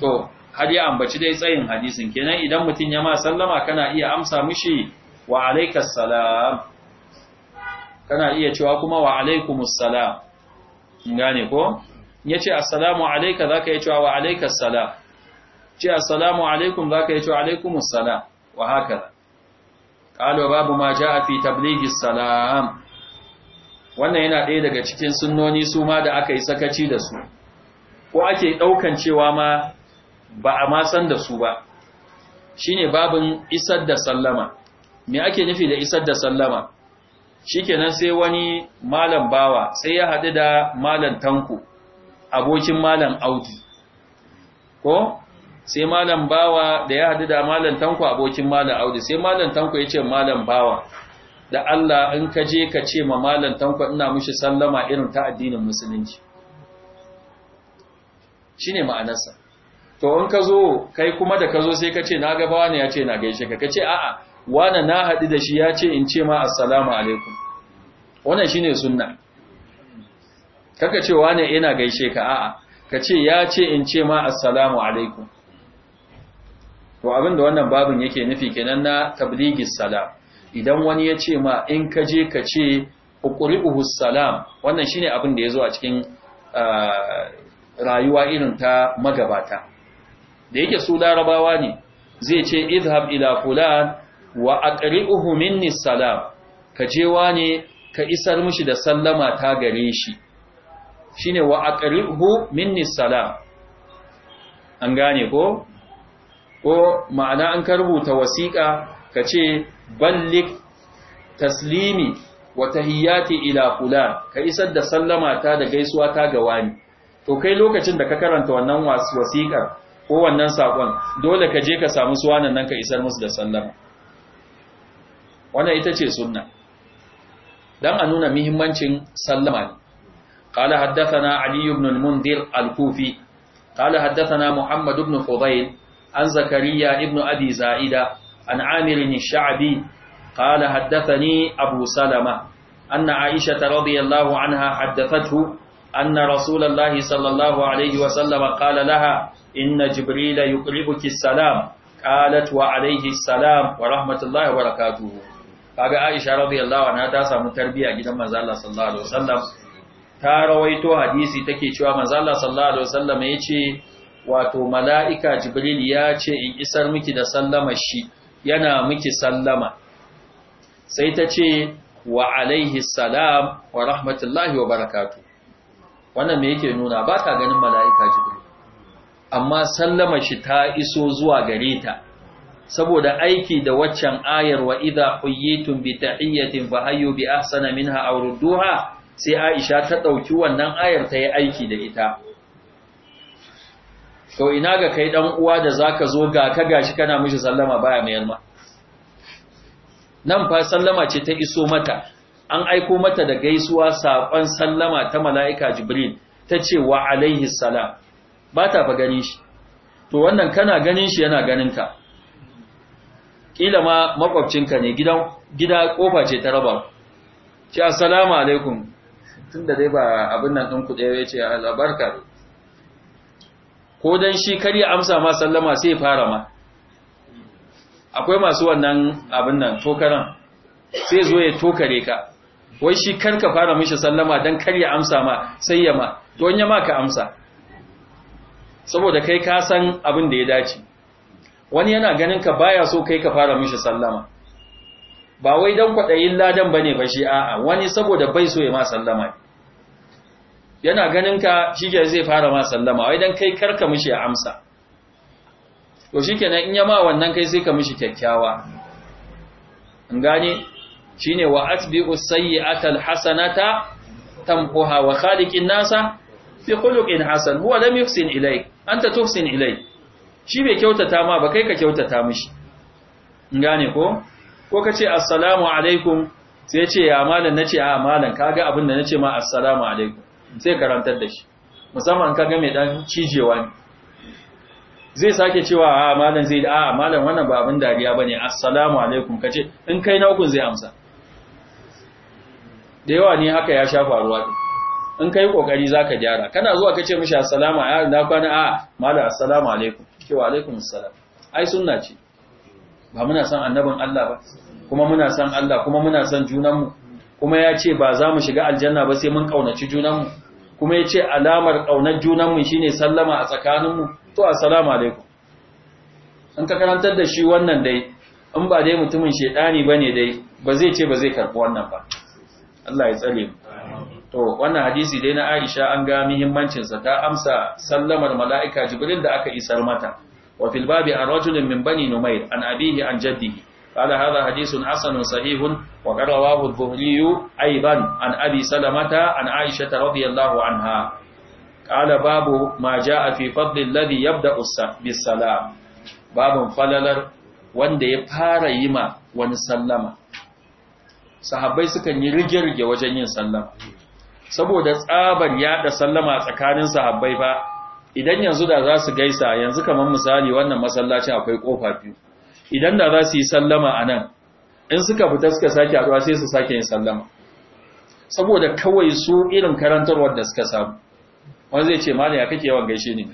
to har ya ambaci dai tsayin hadisin kenan idan mutum ya ma sallama kana iya amsa mishi wa alaikas salam kana iya cewa kuma wa alaikumus salam gane ko ya ce assalamu alaika za ka yi cewa wa alaikas sala ce assalamu alaikum za ka yi cewa alaikumus sala wa haka ƙalo babu ma ja a fi tabligi salam wannan yana ɗaya daga cikin sunnoni su ma da aka yi sakaci da su ko ake ɗaukan cewa ma ba a ma san da su ba Shi ne babin isar da sallama me ake nufi da isar da sallama shikenan sai wani malam bawa sai ya haɗu da malam tanku abokin malam audi ko sai malam bawa da ya hadu da malam tanko abokin malam audi sai malam tanko ya ce malam bawa da Allah in ka je ka ce ma malam tanko ina mushi sallama irin ta addinin musulunci shine ma'anarsa to in ka zo kai kuma da ka zo sai ka ce na ga bawa ne ya ce na gaishe ka ka ce a'a wani na haɗu da shi ya ce in ce ma assalamu alaikum wannan shine sunna kaka ce wane ina gaishe ka a'a ka ce ya ce in ce ma assalamu alaikum to abin wannan babin yake nufi kenan na tabligis salam idan wani ya ce ma in ka je ka ce uqri'uhu salam wannan shine abin da yazo a cikin rayuwa irin ta magabata da yake su larabawa ne zai ce idhab ila fulan wa aqri'uhu minni salam ka je wane ka isar mishi da sallama ta gare shi shine wa aqrihu minni salam an gane ko ko ma'ana an karbuta wasiƙa kace ballik taslimi wa tahiyyati ila fulan ka isar da sallama ta da gaisuwa ta ga wani to kai lokacin da ka karanta wannan wasiƙar ko wannan sakon dole ka je ka samu suwanan nan ka isar musu da sallama wannan ita ce sunna dan a nuna muhimmancin sallama ne قال حدثنا علي بن المنذر الكوفي قال حدثنا محمد بن فضيل عن زكريا ابن أبي زائدة عن عامر الشعبي قال حدثني أبو سلمة أن عائشة رضي الله عنها حدثته أن رسول الله صلى الله عليه وسلم قال لها إن جبريل يقربك السلام قالت وعليه السلام ورحمة الله وبركاته kaga Aisha radiyallahu anha ta samu tarbiya gidan manzo Allah sallallahu alaihi wasallam ta rawaito hadisi take cewa manzo Allah sallallahu alaihi wasallam yace wato mala'ika jibril ya ce in isar miki da sallama shi yana miki sallama sai ta ce wa alaihi salam wa rahmatullahi wa barakatu wannan me yake nuna ba ta ganin mala'ika jibril amma sallama shi ta iso zuwa gare ta saboda aiki da waccan ayar wa idha huyyitum bi tahiyyatin fa hayyu bi ahsana minha aw rudduha sai Aisha ta ɗauki wannan ayar ta yi aiki da ita. To ina ga kai ɗan uwa da za ka zo ga ka gashi kana mishi sallama baya mayar ma. Nan fa sallama ce ta iso mata, an aiko mata da gaisuwa saƙon sallama ta mala'ika Jibril ta ce wa alaihi sala, ba ta fa ganin shi, to wannan kana ganin shi yana ganin ka. Ƙila ma makwabcinka ne gida ƙofa ce ta raba, ce assalamu alaikum tun da dai ba abin nan ɗin kuɗe ya ce ah, albarka ne ko don shi kar ya amsa ma sallama sai fara ma akwai masu wannan abin nan tokaran sai zo ya tokare ka wai shi kar ka fara mishi sallama don kar ya amsa ma sai ya ma don ya ma ka amsa saboda kai ka san abin da ya dace wani yana ganin ka baya so kai ka fara mishi sallama ba wai dan kwaɗayin ladan bane ba shi a'a wani saboda bai so ya ma sallama yana ganin ka ke zai fara ma sallama wai dan kai karka mishi ya amsa to kenan in ya ma wannan kai sai ka mishi kyakkyawa in gane shine wa atbi'u sayyi'atal hasanata tamquha wa khaliqin nasa fi khuluqin hasan huwa lam yuhsin ilayk anta tuhsin ilayk shi bai kyautata ma ba kai ka kyautata mishi in ko ko ka ce assalamu alaikum sai ce ya malam na ce a malam ka ga abin da na ce ma assalamu alaikum sai karantar da shi musamman ka mai dan cijewa ne zai sake cewa a malam zai da a malam wannan ba abin dariya bane assalamu alaikum ka ce in kai na ukun zai amsa da yawa ne haka ya sha faruwa din in kai kokari zaka gyara kana zuwa kace mishi assalamu alaikum na kwana a malam assalamu alaikum cewa alaikum assalam ai sunna ce ba muna son annabin Allah ba kuma muna san Allah kuma muna son junanmu kuma ya ce ba za mu shiga aljanna ba sai mun ƙaunaci junanmu kuma ya ce alamar ƙaunar junanmu shine sallama a tsakaninmu to assalamu alaikum an ka karantar da shi wannan dai in ba dai mutumin shedani bane dai ba zai ce ba zai karbi wannan ba Allah ya tsare mu to wannan hadisi dai na Aisha an ga muhimmancinsa ta amsa sallamar mala'ika Jibril da aka isar mata وفي الباب عن رجل من بني نمير عن أبيه عن جده قال هذا حديث حسن صحيح وقد رواه الظهري أيضا عن أبي سلمة عن عائشة رضي الله عنها قال باب ما جاء في فضل الذي يبدأ بالسلام باب فللر wanda ya fara yi ma wani sallama sahabbai sukan yi rige-rige wajen yin sallama saboda tsabar yada sallama tsakanin sahabbai fa idan yanzu da za su gaisa yanzu kamar misali wannan masallacin akwai kofa biyu idan da za su yi sallama a nan in suka fita suka sake haɗuwa sai su sake yin sallama saboda kawai su irin karantarwar da suka samu wani zai ce mana ya kake yawan gaishe ne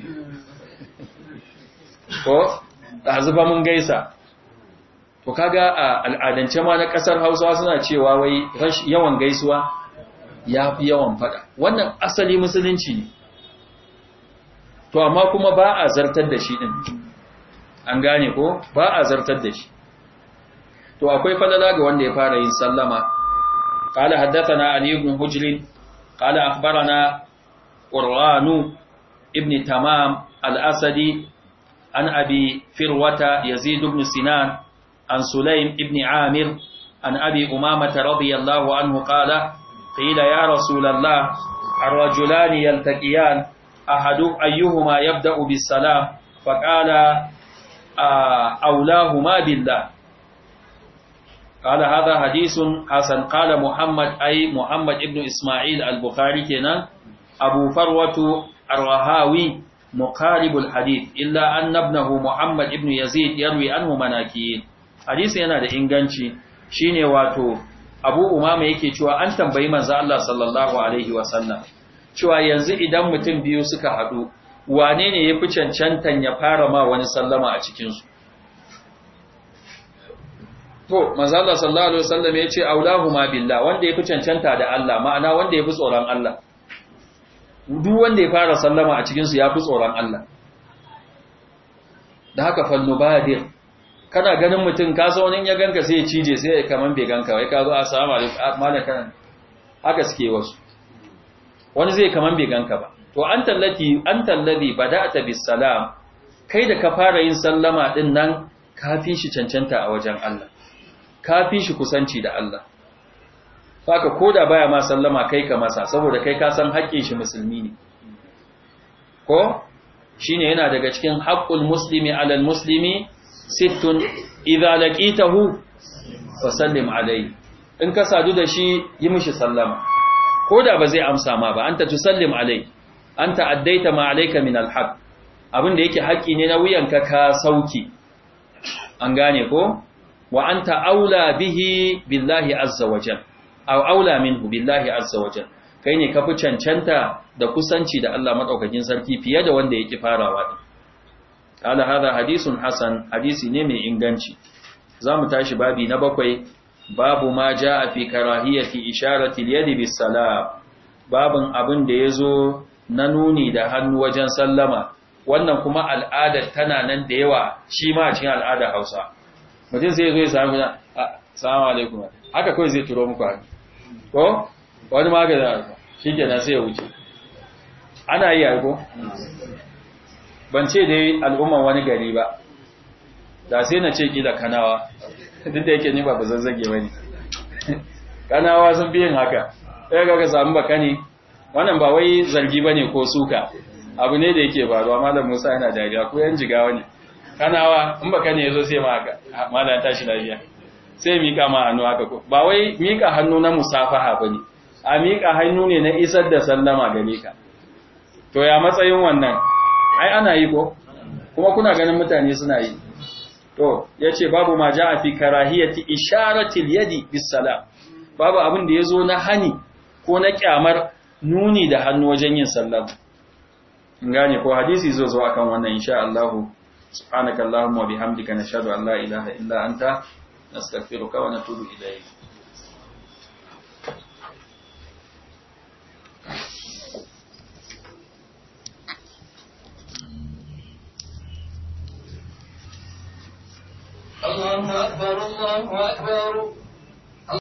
ko da zuba mun gaisa to kaga a al'adance ma na kasar hausawa suna cewa wai yawan gaisuwa ya fi yawan faɗa wannan asali musulunci ne to amma kuma ba a zartar da shi din an gane ko ba a zartar da shi to akwai falala ga wanda ya fara yin sallama Haddasa na ali ibn hujr akbara na quranu ibn tamam al-asadi an abi firwata yazid ibn sinan an sulaim ibn amir an abi umamata radiyallahu anhu ƙala, qila ya rasulallah الرجلان يلتقيان ahadu ayyuhuma yabda'u bisalam fa qala aulahuma billah qala hadha hadithun hasan qala muhammad ay muhammad ibn isma'il al-bukhari kenan abu farwatu ar-rahawi muqarib al-hadith illa anna ibnahu muhammad ibn yazid yarwi anhu manakin hadisi yana da inganci shine wato abu umama yake cewa an tambayi manzo Allah sallallahu alaihi wasallam cewa yanzu idan mutum biyu suka haɗu wane ne ya fi cancantan ya fara ma wani sallama a cikinsu to mazala sallallahu alaihi wasallam ya ce ma billah wanda ya fi cancanta da Allah ma'ana wanda ya fi tsoron Allah duk wanda ya fara sallama a cikinsu ya fi tsoron Allah da haka falnubadir kana ganin mutum ka zaunin ya ganka sai ya cije sai ya kaman bai ganka wai ka zo assalamu alaikum malaka haka suke wasu wani zai kaman bai ganka ba to an tallati an tallabi bada'ata bis kai da ka fara yin sallama din nan ka fi shi cancanta a wajen Allah ka fi shi kusanci da Allah haka koda baya ma sallama kai ka masa saboda kai ka san haƙƙin shi musulmi ne ko shine yana daga cikin haqqul muslimi alal muslimi sittun idza laqitahu fa sallim alayhi in ka sadu da shi yi mishi sallama ko da ba zai amsa ma ba anta tusallim alai anta addaita ma alayka min alhaq abinda yake haƙi ne na wuyanka ka sauki an gane ko wa anta aula bihi billahi azza wajal aw aula minhu billahi azza wajal kai ne ka fi cancanta da kusanci da Allah madaukakin sarki fiye da wanda yake farawa din Kala hadha hadithun hasan hadisi ne mai inganci zamu tashi babi na bakwai babu ma ja a fi karahiyati isharati al-yadi bis-salam babun abin da yazo na nuni da hannu wajen sallama wannan kuma al'ada tana nan da yawa shi ma cikin al'ada Hausa mutum sai zo ya samu na assalamu alaikum haka kawai zai turo muku haka ko wani magana shikenan sai ya wuce ana yi aiko ban ce dai al'umma wani gari ba da sai na ce kila kanawa duk da yake ni ba ba zazzage ba ne kanawa sun fi yin haka eh ga samu baka ne wannan ba wai zargi bane ko suka abu ne da yake faruwa malam musa yana dariya ko yan jigawa ne kanawa in baka ne ya zo sai ma haka malam tashi lafiya sai mika ma hannu haka ko ba wai miƙa hannu na musafaha ba ne a miƙa hannu ne na isar da sallama gare ka to ya matsayin wannan ai ana yi ko kuma kuna ganin mutane suna yi to yace babu ma a fi karahiyati isharati yadi bis-salam babu abin da ya zo na hani ko na kyamar nuni da hannu wajen yin In gane ko hadisi zo zo akan wannan insha Allah subhanakallahumma wa bihamdika nashhadu an la ilaha illa anta nastaghfiruka wa natubu ilayk الله أكبر الله أكبر